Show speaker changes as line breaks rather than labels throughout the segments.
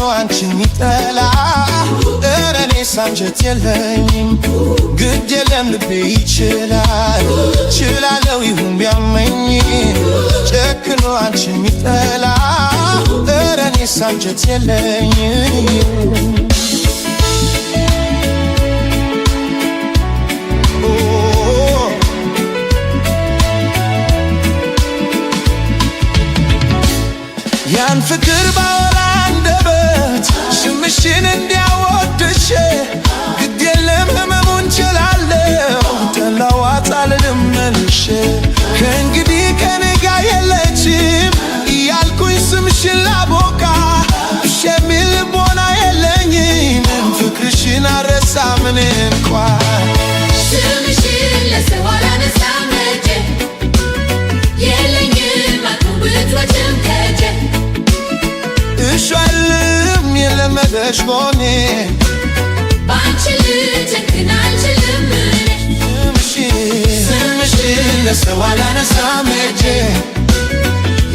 ነው አንቺን የሚጠላ የለኝም ግድ የለም ልቤ ይችላል ችላለው ይሁን ቢያመኝ ጨክኖ አንቺን የሚጠላ ኧረ የለኝም ያን ፍቅር ባወራ ስምሽን እንዲያወድሽ ግድ የለም ህመሙን ችላለው ተለዋጣልን پشمانه
بانچلو تکنال چلمونه
سمشی
سمشی نسه والا نسامجه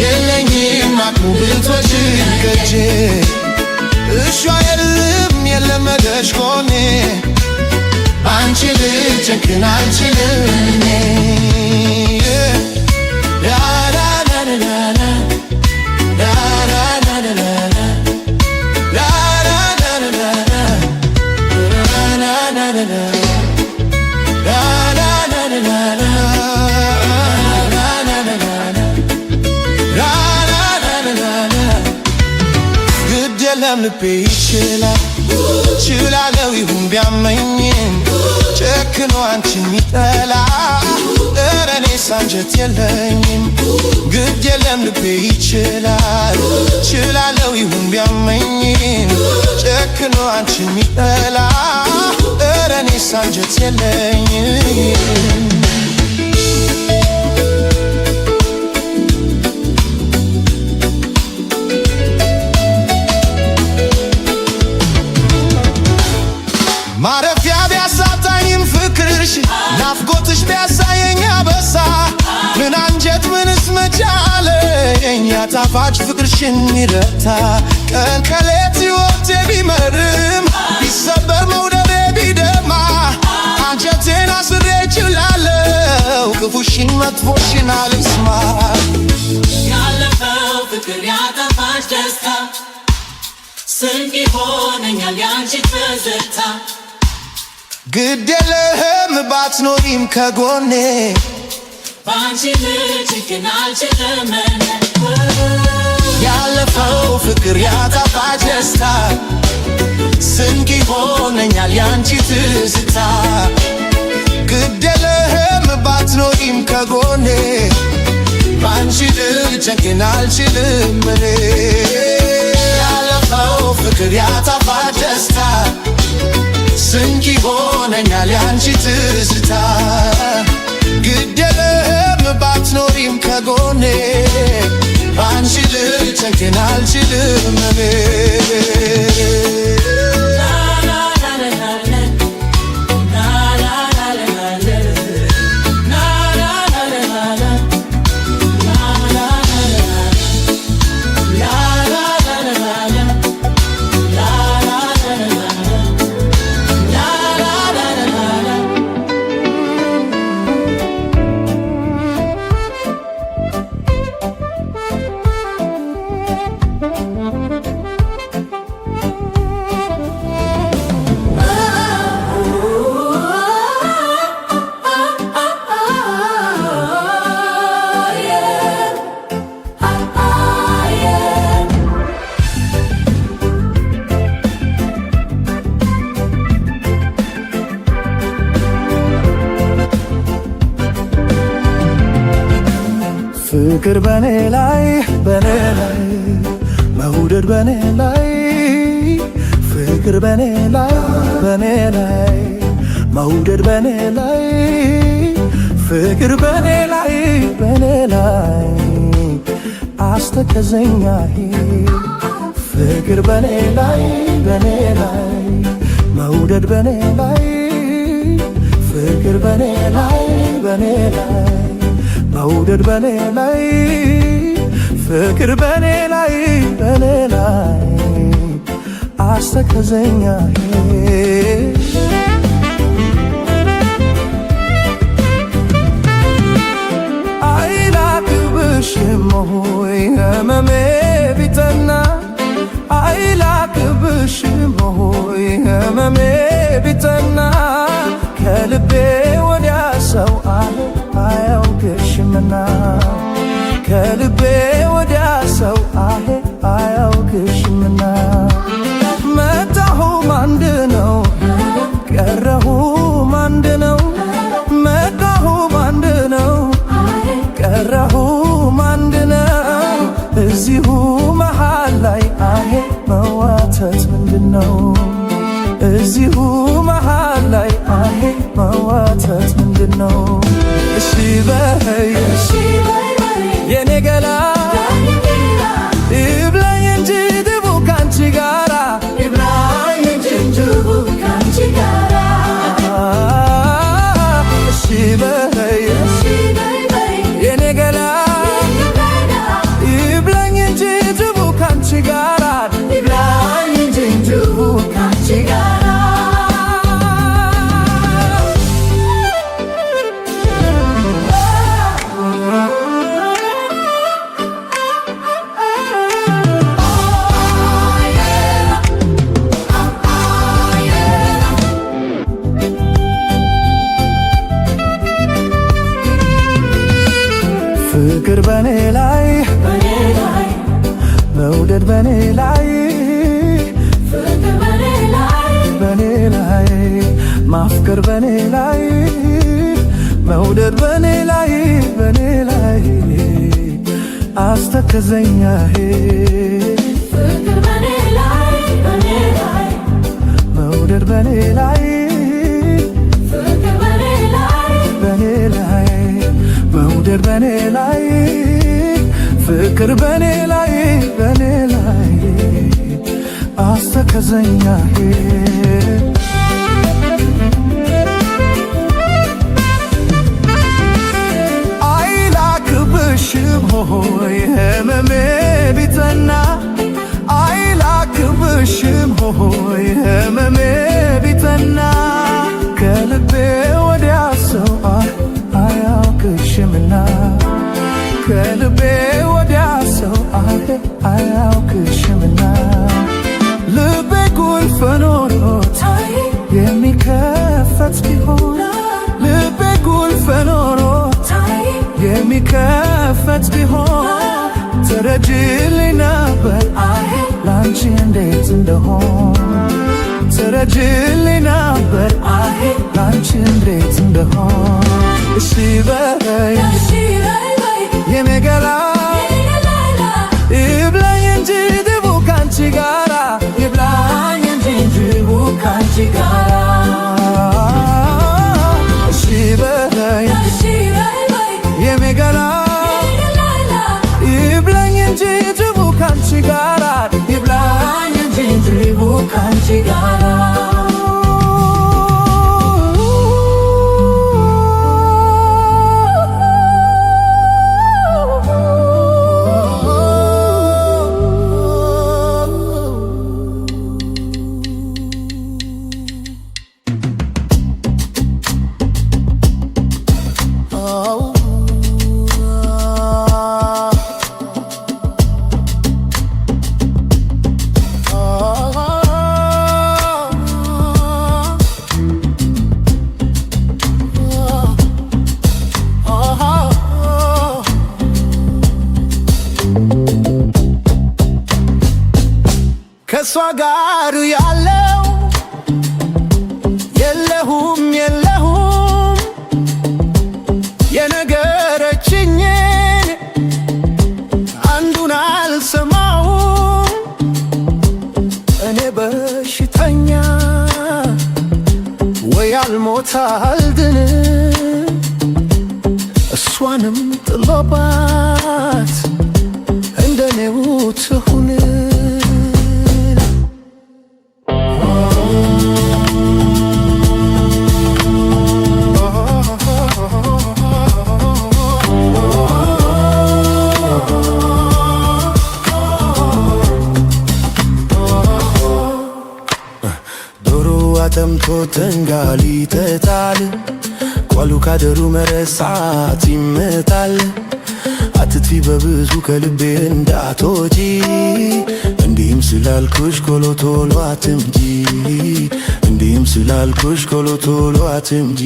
የለኝም አቅሙብቶች ገጄ
እሷ የለም የለመደሽ ሆኔ
አንቺ ልጅ ጭንቅን አልችልም
ልቤ ይችላል ችላለው ይሁን ቢያመኝም ጨክኖ አንቺን የሚጠላ ኧረ እኔስ የለኝም ግድ የለም ልቤ ይችላል ችላለው ይሁን ቢያመኝም ጨክኖ አንቺን የሚጠላ ኧረ እኔስ የለኝም ማረፊያ ቢያሳጣኝም ፍቅርሽ ናፍቆትሽ ቢያሳየኝ አበሳ ምን አንጀት ምንስ መቻለኝ ያጣፋጭ ፍቅርሽን ይረታ ቀን ከሌት ሕይወቴ ቢመርም ቢሰበር መውደዴ ቢደማ አንጀቴን አስሬ እችላለሁ ክፉሽን መጥፎሽን አልስማ
ያለፈው ፍቅር ያጣፋጭ ደስታ ስንቅ ይሆነኛል ያንቺ ትዝታ
ግደለህም ባትኖሪም ከጎኔ
ባንቺ ልጅግን አልችልም
ያለፈው ፍቅር ያጣፋጭ ደስታ ስንቅ ይሆነኛል ያንቺ ትዝታ ግደለህም ባትኖሪም ከጎኔ ባንቺ ልጅግን አልችልም ያንቺ ትዝታ ግደለም ባትኖሪም ከጎኔ አንቺ ልቸግን አልችልም እኔ ፍቅር በኔ ላይ በኔ ላይ መውደድ በኔ ላይ ፍቅር በኔ ላይ በኔ ላይ መውደድ በኔ ላይ ፍቅር በኔ ላይ በኔ ላይ አስተከዘኛ ፍቅር በኔ ላይ በኔ ላይ መውደድ በኔ ላይ ፍቅር በኔ ላይ በኔ ላይ መውደድ በኔ ላይ ፍቅር በኔ ላይ በኔ ላይ አስተከዘኛ አይላክብሽ ሆይ ህመሜ ቢጠና አይላክብሽ ሆይ ህመሜ ቢጠና ከልቤ ወዲያ ሰው አለ አያውቅሽምና ከልቤ ወዲያ ሰው አሄ አያውቅሽምና መጣሁም አንድ ነው ቀረሁም አንድ ነው መጣሁም አንድ ነው ቀረሁም አንድ ነው እዚሁ መሃል ላይ አሄ መዋተት ምንድን ነው እዚሁ መሃል ላይ አሄ መዋተት ምንድን ነው Şive ማፍቀር በኔ ላይ መውደድ በኔ ላይ በኔ ላይ አስተከዘኛ መውደድ በኔ ላይ በኔ ላይ በኔ ላይ ፍቅር በኔ ላይ በኔ ላይ አስተከዘኛ ሆይ ህመሜ ቢጸና አይላክብሽም ሆይ ህመሜ ቢጸና ከልቤ ወዲያ ሰው አያውቅሽምና ከልቤ ወዲያ ሰው አያውቅሽ እውነት ቢሆን ትረጅልኝ ነበር ላንቺ እንዴት እንደሆን ትረጅልኝ ነበር ላንቺ እንዴት እንደሆን እሺ በይ የኔ ገላ come sua garra. ቶተንጋሊ ተጣል ቋሉ ካደሩ መረሳት ይመታል አትትፊ በብዙ ከልቤ እንዳትወጪ እንዲህም ስላልኩሽ ቶሎ ቶሎ አትምጪ እንዲህም ስላልኩሽ ቶሎ ቶሎ አትምጪ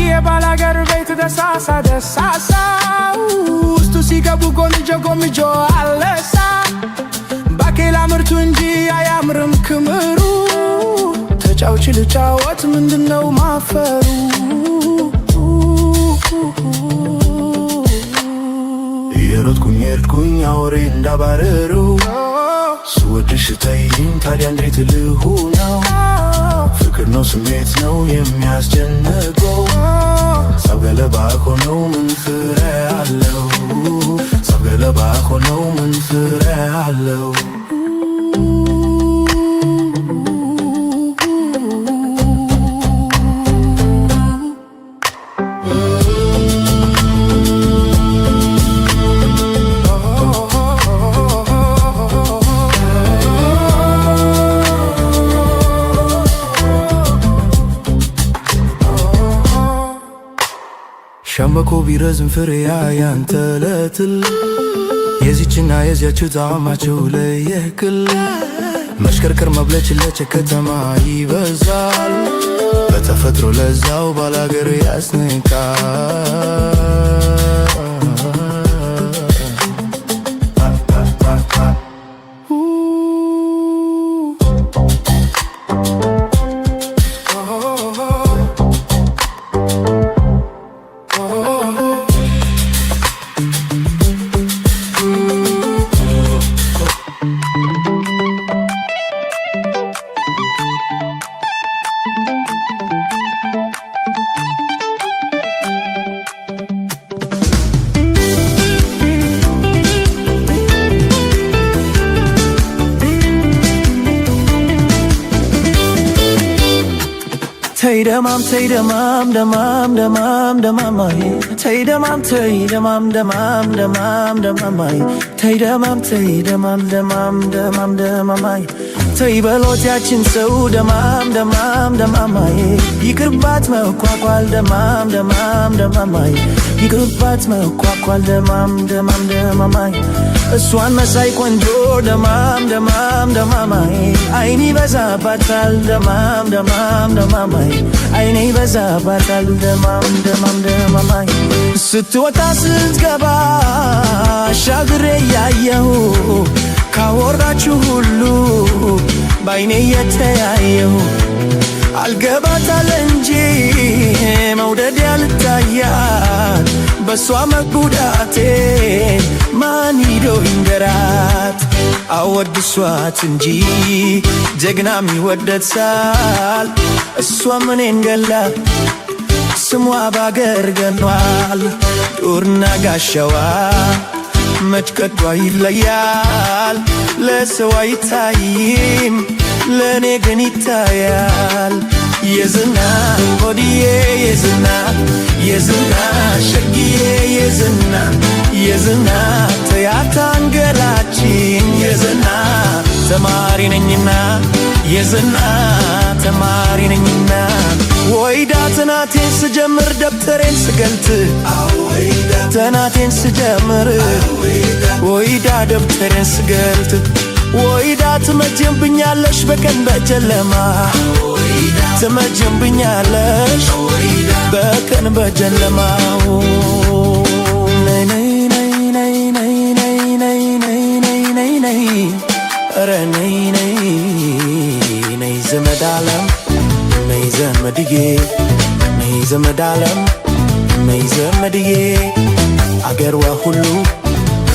የባላገር ቤት ደሳሳ ደሳሳው ሲገቡ ጎንጀ ጎምጆ አለሳ ባኬላ ምርቱ እንጂ አያምርም ክምሩ ተጫውቺ ልጫወት ምንድነው ማፈሩ የሮጥኩኝ የርድኩኝ አውሬ እንዳባረሩ ስወድሽ ተይኝ ታዲያ እንዴት ልሁነው? ፍቅር ነው ስሜት ነው የሚያስጨንቀው ሳብ ገለባ ሆኖ ምን ፍሬ አለው? ገለባ ሆነው ምን ፍሬ አለው? ሲረዝም ፍሬያ ያንተ ለትል የዚችና የዚያች ጣዕማቸው ለየክል መሽከርከር ለች ከተማ ይበዛል በተፈጥሮ ለዛው ባላገር ያስንቃል ተይ ደማም ተይ ደማም ደማም ደማም ደማማይ ተይ ደማም ተይ ደማም ደማም ደማም ደማማይ ተይ ደማም ተይ ደማም ደማም ደማም ደማማይ ተይ በሎት ሰው ደማም ደማም ደማማይ ይቅርባት መኳኳል ደማም ደማም ደማማይ ይቅርባት መኳኳል ደማም ደማም ደማማይ እሷን መሳይ ቆንጆ ደማም ደማም ደማማይ አይኔ ይበዛባታል ደማም ደማም ደማማይ አይኔ ይበዛባታል ደማም ደማም ደማማይ ስትወጣ ስትገባ አሻግሬ ያየሁ ካወራችሁ ሁሉ በአይኔ የተያየሁ አልገባታል እንጂ መውደድ ያልታያል በሷ መጉዳቴ ማን ሂዶ ይንገራት? አወድሷት እንጂ ጀግናም ይወደሳል። እሷ ምኔን ገላ ስሟ ባገር ገኗል። ዱርና ጋሻዋ መጭቀቷ ይለያል። ለሰው አይታይም፣ ለእኔ ግን ይታያል። የዝና ሆድዬ የዝና የዝና ሸግዬ የዝና የዝና ተያታ አንገላችን የዝና ተማሪ ነኝና የዝና ተማሪ ነኝና ወይዳ ትናቴን ስጀምር ደብተሬን ስገልት ተናቴን ስጀምር ወይዳ ደብተሬን ስገልት! ወይዳ ትመጀምብኛለሽ በቀን በጀለማ ትመጭብኛለሽ በቀን በጨለማ ነይ ዘመድ አለም ነይ ዘመድዬ ነይ ዘመድ አለም ነይ ዘመድዬ አገርዋ ሁሉ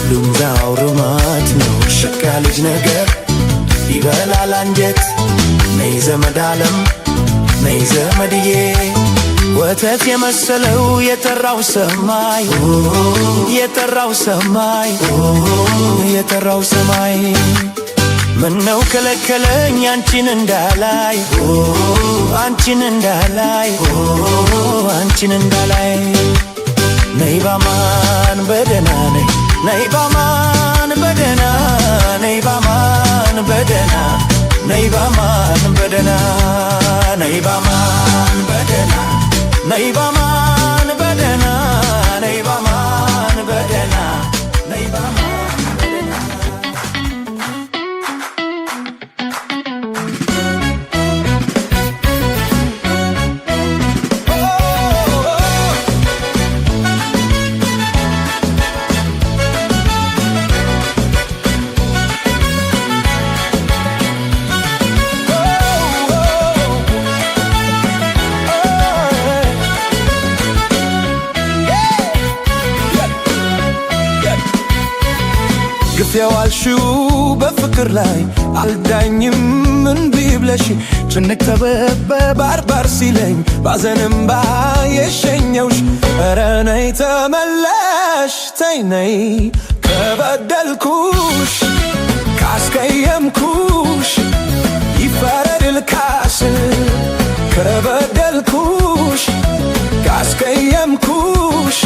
ሉምዛው ርማት ነው ሸጋ ልጅ ነገር ይበላል አንጀት። ነይ ዘመድ አለም ነይ ዘመድዬ ወተት የመሰለው የጠራው ሰማይ የጠራው ሰማይ የጠራው ሰማይ ነው ከለከለኝ አንቺን እንዳላይ አንቺን እንዳላይ አንቺን እንዳላይ ነይ ባማን በደና ነይ ነይ ባማን በደና ነይ ባማን በደና ነይ ባማን በደና ነይ ባማን በደና ነይ ባማን በደና ነይ ባማን በደና ነይ ባማን ያዋልሽው በፍቅር ላይ አልዳኝም እንቢ ብለሽ ጭንቅ ተበበ ባርባር ሲለኝ ባዘንም ባ የሸኘውሽ ኧረ ነይ ተመለሽ ተይ ነይ ከበደልኩሽ ካስቀየምኩሽ ይፈረድል ካስ ከበደልኩሽ ካስቀየምኩሽ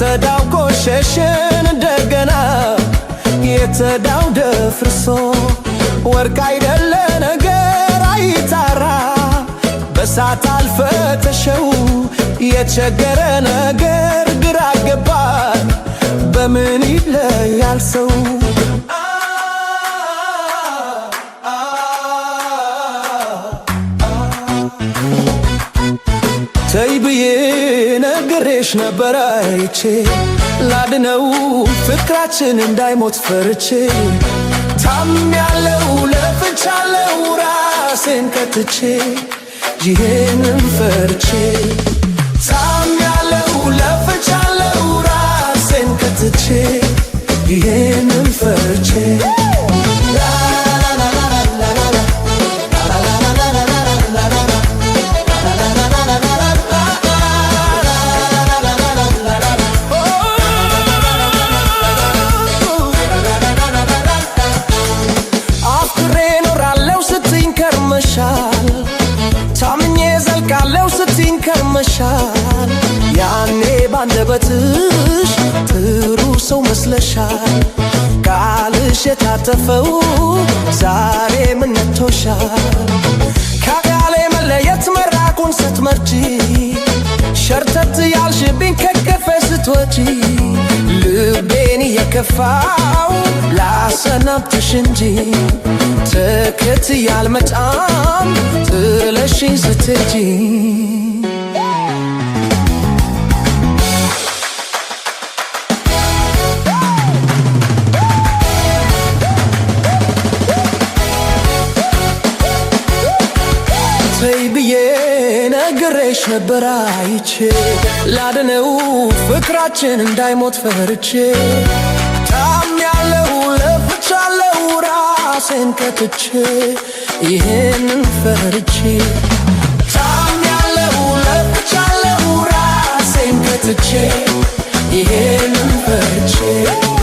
ተዳው ቆሸሸን እንደገና የተዳው ደፍርሶ ወርቅ አይደለ ነገር አይጣራ በሳት አልፈተሸው የቸገረ ነገር ግራ ገባን በምን ይለያል ሰው ተይ ብዬ ነግሬሽ ነበረ አይቼ ላድነው ፍቅራችን እንዳይሞት ፈርቼ ታምያለው ለፍቻለው ራሴን ከትቼ ይሄንን ፈርቼ ተፈው ዛሬ ምነቶሻ ከቃሌ መለየት መራቁን ስትመርጪ ሸርተት ያልሽብኝ ከገፈ ስትወጪ ልቤን እየከፋው ላሰናብትሽ እንጂ ትክት ያልመጣም ጥለሽኝ ስትጂ ነበር አይቼ ላድነው ፍቅራችን እንዳይሞት ፈርቼ ታም ያለው ለፍቻለው ራሴን ከትቼ ይህንን ፈርቼ ታም ያለው ለፍቻለው ራሴን ከትቼ ይህንን ፈርቼ